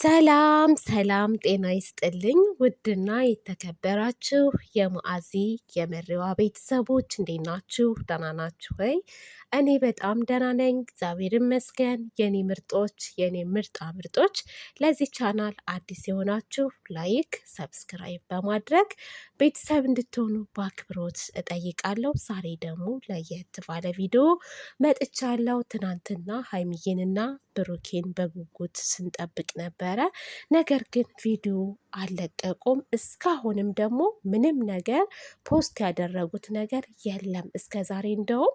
ሰላም ሰላም፣ ጤና ይስጥልኝ ውድና የተከበራችሁ የማዓዚ የመሪዋ ቤተሰቦች እንዴት ናችሁ? ደህና ናችሁ ወይ? እኔ በጣም ደህና ነኝ፣ እግዚአብሔር ይመስገን። የኔ ምርጦች፣ የኔ ምርጣ ምርጦች፣ ለዚህ ቻናል አዲስ የሆናችሁ ላይክ፣ ሰብስክራይብ በማድረግ ቤተሰብ እንድትሆኑ በአክብሮት እጠይቃለሁ። ዛሬ ደግሞ ለየት ባለ ቪዲዮ መጥቻለሁ። ትናንትና ሀይሚዬንና ብሩኬን በጉጉት ስንጠብቅ ነበር ነበረ። ነገር ግን ቪዲዮ አልለቀቁም። እስካሁንም ደግሞ ምንም ነገር ፖስት ያደረጉት ነገር የለም እስከ ዛሬ። እንደውም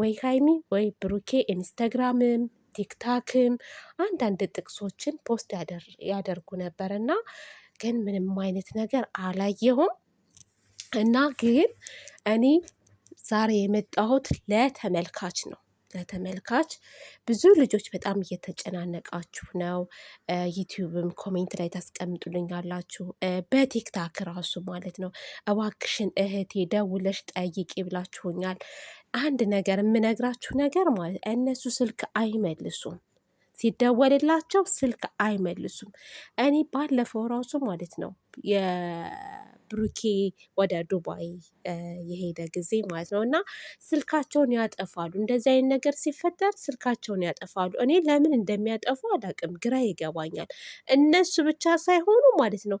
ወይ ሀይሚ ወይ ብሩኬ ኢንስታግራምም ቲክታክም አንዳንድ ጥቅሶችን ፖስት ያደርጉ ነበር እና ግን ምንም አይነት ነገር አላየሁም እና ግን እኔ ዛሬ የመጣሁት ለተመልካች ነው። ለተመልካች ብዙ ልጆች በጣም እየተጨናነቃችሁ ነው። ዩቲዩብም ኮሜንት ላይ ያላችሁ በቲክታክ ራሱ ማለት ነው። እባክሽን እህቴ ደውለሽ ጠይቂ ብላችሁኛል። አንድ ነገር የምነግራችሁ ነገር ማለት እነሱ ስልክ አይመልሱም። ሲደወልላቸው ስልክ አይመልሱም። እኔ ባለፈው ራሱ ማለት ነው የብሩኬ ወደ ዱባይ የሄደ ጊዜ ማለት ነው እና ስልካቸውን ያጠፋሉ። እንደዚህ አይነት ነገር ሲፈጠር ስልካቸውን ያጠፋሉ። እኔ ለምን እንደሚያጠፉ አላቅም፣ ግራ ይገባኛል። እነሱ ብቻ ሳይሆኑ ማለት ነው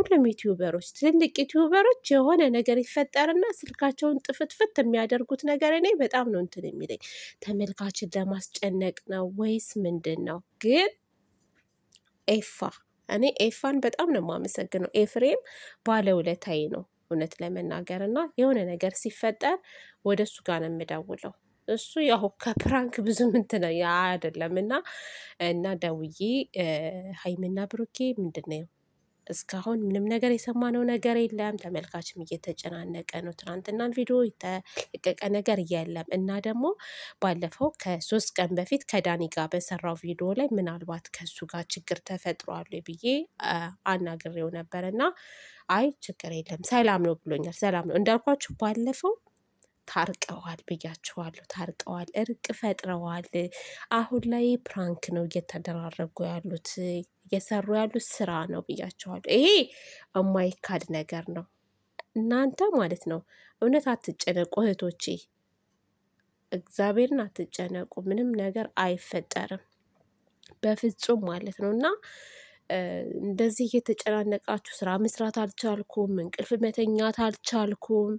ሁሉም ዩቲዩበሮች ትልልቅ ዩቲዩበሮች የሆነ ነገር ይፈጠርና ስልካቸውን ጥፍትፍት የሚያደርጉት ነገር እኔ በጣም ነው እንትን የሚለኝ። ተመልካችን ለማስጨነቅ ነው ወይስ ምንድን ነው? ግን ኤፋ እኔ ኤፋን በጣም ነው የማመሰግነው። ኤፍሬም ባለውለታዬ ነው እውነት ለመናገር እና የሆነ ነገር ሲፈጠር ወደ እሱ ጋር ነው የምደውለው። እሱ ያው ከፕራንክ ብዙ ምንትነ አይደለም እና እና ደውዬ ሀይሚና ብሩኬ ምንድን ነው እስካሁን ምንም ነገር የሰማነው ነገር የለም። ተመልካችም እየተጨናነቀ ነው። ትናንትና ቪዲዮ የተለቀቀ ነገር የለም እና ደግሞ ባለፈው ከሶስት ቀን በፊት ከዳኒ ጋር በሰራው ቪዲዮ ላይ ምናልባት ከሱ ጋር ችግር ተፈጥሯል ብዬ አናግሬው ነበር እና አይ ችግር የለም ሰላም ነው ብሎኛል። ሰላም ነው እንዳልኳችሁ ባለፈው ታርቀዋል ብያችኋለሁ። ታርቀዋል፣ እርቅ ፈጥረዋል። አሁን ላይ ፕራንክ ነው እየተደራረጉ ያሉት እየሰሩ ያሉት ስራ ነው ብያቸዋለሁ። ይሄ የማይካድ ነገር ነው። እናንተ ማለት ነው እውነት አትጨነቁ እህቶቼ፣ እግዚአብሔርን አትጨነቁ። ምንም ነገር አይፈጠርም በፍጹም ማለት ነው እና እንደዚህ እየተጨናነቃችሁ ስራ መስራት አልቻልኩም፣ እንቅልፍ መተኛት አልቻልኩም።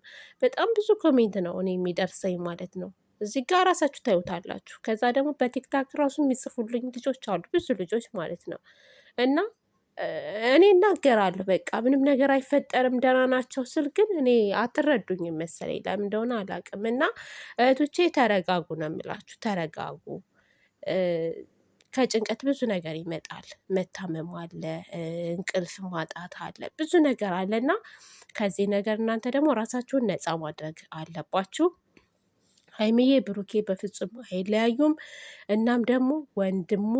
በጣም ብዙ ኮሜንት ነው እኔ የሚደርሰኝ ማለት ነው። እዚህ ጋር ራሳችሁ ታዩታላችሁ። ከዛ ደግሞ በቲክታክ ራሱ የሚጽፉልኝ ልጆች አሉ፣ ብዙ ልጆች ማለት ነው። እና እኔ እናገራለሁ በቃ ምንም ነገር አይፈጠርም ደህና ናቸው ስል ግን እኔ አትረዱኝም መሰለኝ ለምን እንደሆነ አላውቅም። እና እህቶቼ ተረጋጉ ነው የምላችሁ፣ ተረጋጉ። ከጭንቀት ብዙ ነገር ይመጣል። መታመም አለ፣ እንቅልፍ ማጣት አለ፣ ብዙ ነገር አለ እና ከዚህ ነገር እናንተ ደግሞ ራሳችሁን ነፃ ማድረግ አለባችሁ። ሀይሚዬ ብሩኬ በፍጹም አይለያዩም። እናም ደግሞ ወንድሙ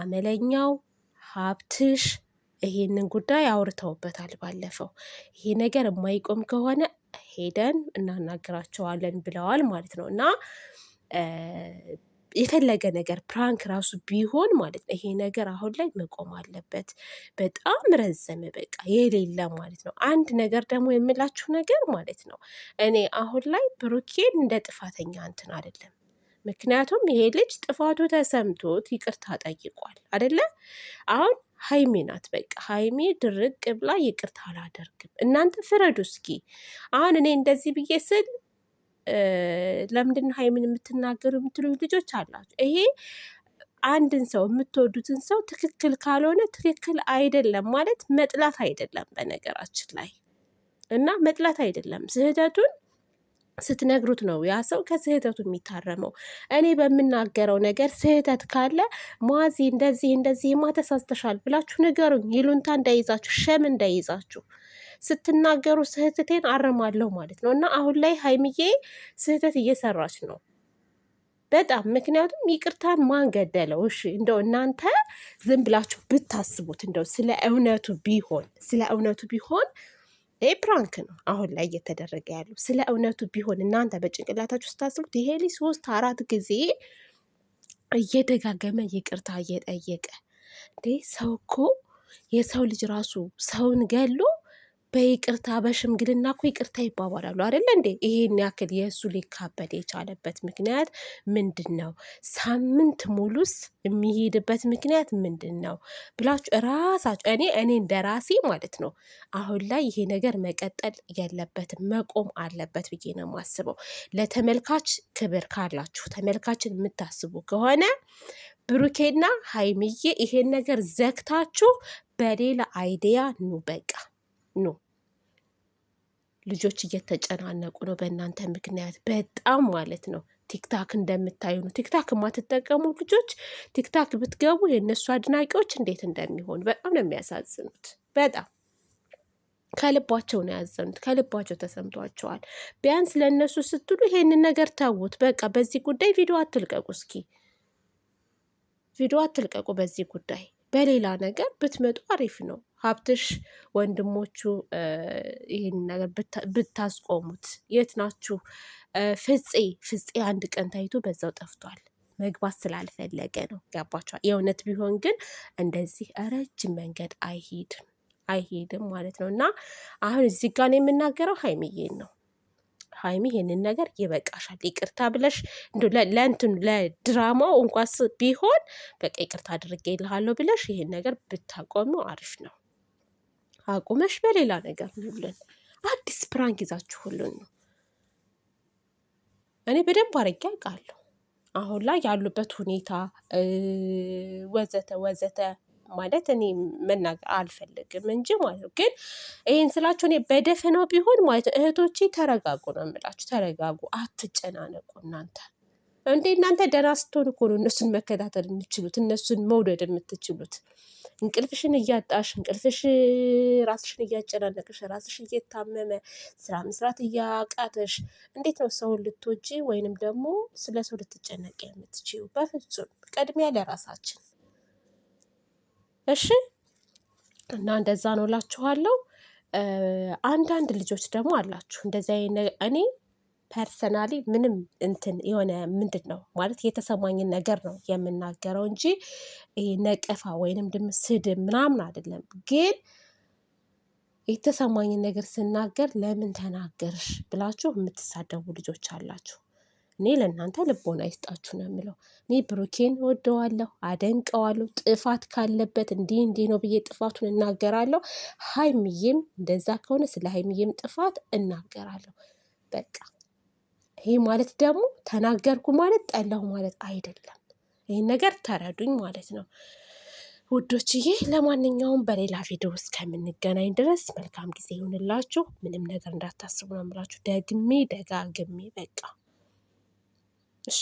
አመለኛው ሀብትሽ ይሄንን ጉዳይ አውርተውበታል ባለፈው ይሄ ነገር የማይቆም ከሆነ ሄደን እናናግራቸዋለን ብለዋል ማለት ነው እና የፈለገ ነገር ፕራንክ ራሱ ቢሆን ማለት ነው ይሄ ነገር አሁን ላይ መቆም አለበት። በጣም ረዘመ፣ በቃ የሌለ ማለት ነው። አንድ ነገር ደግሞ የምላችሁ ነገር ማለት ነው እኔ አሁን ላይ ብሩኬን እንደ ጥፋተኛ እንትን አይደለም ምክንያቱም ይሄ ልጅ ጥፋቱ ተሰምቶት ይቅርታ ጠይቋል አደለ? አሁን ሀይሜ ናት። በቃ ሀይሜ ድርቅ ብላ ይቅርታ አላደርግም። እናንተ ፍረዱ እስኪ። አሁን እኔ እንደዚህ ብዬ ስል ለምንድን ሀይምን የምትናገሩ የምትሉ ልጆች አላችሁ። ይሄ አንድን ሰው የምትወዱትን ሰው ትክክል ካልሆነ ትክክል አይደለም ማለት መጥላት አይደለም፣ በነገራችን ላይ እና መጥላት አይደለም ስህተቱን ስትነግሩት ነው ያ ሰው ከስህተቱ የሚታረመው። እኔ በምናገረው ነገር ስህተት ካለ ሟዚ እንደዚህ ማ ተሳስተሻል ብላችሁ ንገሩኝ። ይሉንታ እንዳይዛችሁ፣ ሸም እንዳይዛችሁ ስትናገሩ ስህተቴን አርማለሁ ማለት ነው። እና አሁን ላይ ሀይምዬ ስህተት እየሰራች ነው በጣም ምክንያቱም ይቅርታን ማን ገደለው? እሺ እንደው እናንተ ዝም ብላችሁ ብታስቡት እንደው ስለ እውነቱ ቢሆን ስለ እውነቱ ቢሆን ይሄ ፕራንክ ነው አሁን ላይ እየተደረገ ያለው። ስለ እውነቱ ቢሆን እናንተ በጭንቅላታችሁ ስታስቡት ይሄ ልጅ ሶስት አራት ጊዜ እየደጋገመ ይቅርታ እየጠየቀ እንዴ ሰው እኮ የሰው ልጅ ራሱ ሰውን ገሎ በይቅርታ በሽምግልና እኮ ይቅርታ ይባባላሉ አይደለ እንዴ? ይሄን ያክል የእሱ ሊካበድ የቻለበት ምክንያት ምንድን ነው? ሳምንት ሙሉስ የሚሄድበት ምክንያት ምንድን ነው ብላችሁ እራሳችሁ እኔ እኔ እንደ ራሴ ማለት ነው አሁን ላይ ይሄ ነገር መቀጠል የለበትም መቆም አለበት ብዬ ነው የማስበው። ለተመልካች ክብር ካላችሁ ተመልካችን የምታስቡ ከሆነ ብሩኬና ሀይሚዬ ይሄን ነገር ዘግታችሁ በሌላ አይዲያ ኑ፣ በቃ ኑ። ልጆች እየተጨናነቁ ነው በእናንተ ምክንያት በጣም ማለት ነው። ቲክታክ እንደምታዩ ነው። ቲክታክ የማትጠቀሙ ልጆች ቲክታክ ብትገቡ የእነሱ አድናቂዎች እንዴት እንደሚሆኑ በጣም ነው የሚያሳዝኑት። በጣም ከልባቸው ነው ያዘኑት። ከልባቸው ተሰምቷቸዋል። ቢያንስ ለእነሱ ስትሉ ይሄንን ነገር ተዉት። በቃ በዚህ ጉዳይ ቪዲዮ አትልቀቁ። እስኪ ቪዲዮ አትልቀቁ በዚህ ጉዳይ። በሌላ ነገር ብትመጡ አሪፍ ነው። ሀብትሽ ወንድሞቹ ይህን ነገር ብታስቆሙት። የት ናችሁ? ፍፄ ፍፄ አንድ ቀን ታይቶ በዛው ጠፍቷል። መግባት ስላልፈለገ ነው። ገባችኋል? የእውነት ቢሆን ግን እንደዚህ ረጅም መንገድ አይሄድም አይሄድም ማለት ነው። እና አሁን እዚህ ጋር ነው የምናገረው ሀይሚዬን ነው። ሀይሚ ይህንን ነገር ይበቃሻል፣ ይቅርታ ብለሽ እንዲሁ ለእንትኑ ለድራማው እንኳስ ቢሆን በቃ ይቅርታ አድርጌልሃለሁ ብለሽ ይህን ነገር ብታቆሚው አሪፍ ነው። አቁመሽ በሌላ ነገር ንብለን አዲስ ፕራንክ ይዛችሁልን ነው። እኔ በደንብ አድርጌ አውቃለሁ። አሁን ላይ ያሉበት ሁኔታ ወዘተ ወዘተ ማለት እኔ መናገር አልፈልግም እንጂ ማለት ነው። ግን ይህን ስላችሁ እኔ በደፈናው ቢሆን ማለት ነው እህቶቼ ተረጋጉ ነው የምላችሁ። ተረጋጉ፣ አትጨናነቁ እናንተ እንዴ እናንተ ደህና ስትሆን እኮ ነው እነሱን መከታተል የምትችሉት፣ እነሱን መውደድ የምትችሉት። እንቅልፍሽን እያጣሽ እንቅልፍሽ ራስሽን እያጨናነቅሽ ራስሽ እየታመመ ስራ መስራት እያቃተሽ እንዴት ነው ሰውን ልትወጂ ወይንም ደግሞ ስለ ሰው ልትጨነቅ የምትችሉ? በፍጹም ቅድሚያ ለራሳችን እሺ። እና እንደዛ ነው እላችኋለሁ። አንዳንድ ልጆች ደግሞ አላችሁ እንደዚያ እኔ ፐርሰናሊ ምንም እንትን የሆነ ምንድነው ማለት የተሰማኝን ነገር ነው የምናገረው እንጂ ነቀፋ ወይንም ድም ስድብ ምናምን አይደለም። ግን የተሰማኝን ነገር ስናገር ለምን ተናገርሽ ብላችሁ የምትሳደቡ ልጆች አላችሁ። እኔ ለእናንተ ልቦና ይስጣችሁ ነው የምለው። እኔ ብሩኬን ወደዋለሁ፣ አደንቀዋለሁ። ጥፋት ካለበት እንዲህ እንዲህ ነው ብዬ ጥፋቱን እናገራለሁ። ሀይምዬም እንደዛ ከሆነ ስለ ሀይምዬም ጥፋት እናገራለሁ። በቃ ይሄ ማለት ደግሞ ተናገርኩ ማለት ጠላሁ ማለት አይደለም። ይህን ነገር ተረዱኝ ማለት ነው። ውዶችዬ ለማንኛውም በሌላ ቪዲዮ እስከምንገናኝ ድረስ መልካም ጊዜ ይሁንላችሁ። ምንም ነገር እንዳታስቡ ነው የምላችሁ ደግሜ ደጋግሜ በቃ እሺ።